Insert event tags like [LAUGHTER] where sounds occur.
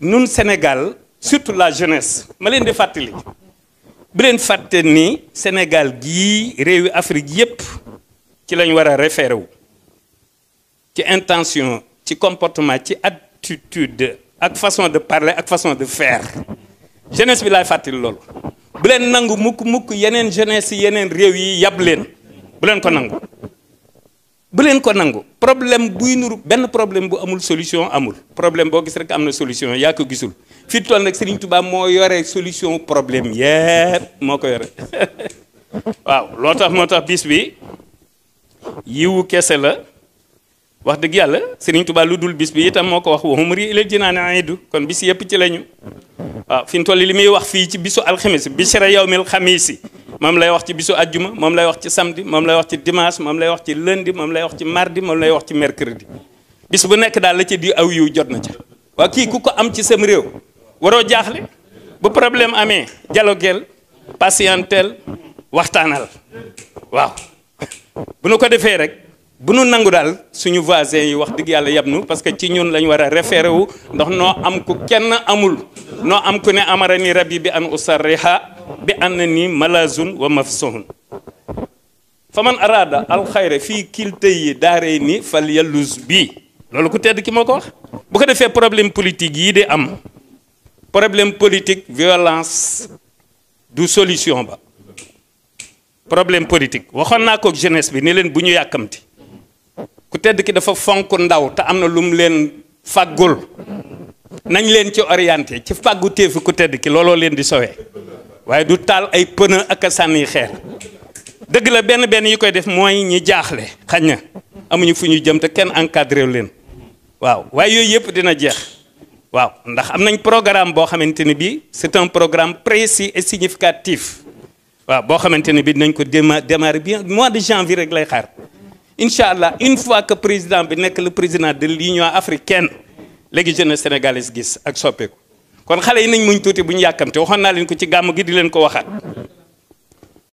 nous au Sénégal surtout la jeunesse ma leen di fàttali bu ni Sénégal gi réewi Afrique yépp ci lañ war référé wu intention ci comportement ci attitude ak façon de parler ak façon de faire jeunesse bi laay fatil loolu bu nangu mukk mukk yenen jeunesse yenen yeneen yab ko nangu bu ko nangu problème buy nuru ben problème bu amul solution amul problème bo gis rek amna solution ya ko gisul fi tol nak Serigne Touba mo yoré solution problème yépp moko yoré [LAUGHS] waaw lotax motax bis bi yiwu kessé la wax deug yalla Serigne Touba luddul bis bi itam moko wax ila aidu kon bis yépp ci lañu waaw fi tol limi wax fi ci bisu alxamis bi yawmil moom lay wax ci bisu ajjuma moom lay wax ci samedi moom lay wax ci dimanche moom lay wax ci lundi moom lay wax mardi moom lay wax ci mercredi bis bu nekk daal la ci di aw yiw jot na ca waa kii ku ko am ci sam réew waroo jaaxle bu problème amee dialogueel patienteel waxtaanal waaw [LAUGHS] bu nu ko defee rek bu nu nangu daal suñu voisins yi wax dëgg yàlla yab nu parce que ci ñun lañ war a référé wu ndax noo am ku kenn amul noo am ku ne amara ni rabbi bi an usarriha bi annani malazun wa mafsuhun fa man araada alxayra fii kilte yi daaree ni fal yalluz bii loolu ku tedd ki moo ko wax bu ko defee problème politique yii di am problème politique violence du solution ba problème politique waxoon naa ko jeunesse bi ni leen bu ñu yàkkamti ku tedd ki dafa fonk ndaw te am na lu mu leen fàggul nañ leen ci orienté ci fàggu téefu ku tedd ki looloo leen di sowee waaye du taal ay pneu ak a sànni xeer dëgg la benn benn yi koy def mooy ñi jaaxle xañ na amuñu fu ñu jëm te kenn encadré leen waaw waaye yooyu yëpp dina jeex waaw ndax am nañ programme boo xamante ne bii c'est un programme précis et significatif waaw boo xamante ne bii dinañ ko démarrer bien mois de janvier rek lay xaar incha allah une fois que président bi nekk le président de l'union africaine léegi jeunesse sénégalaise gis ak soppeeku. kon xale yi nañ muñ tuuti bu ñu yàkkamte waxoon naa leen ko ci gàmm gi di leen ko waxaat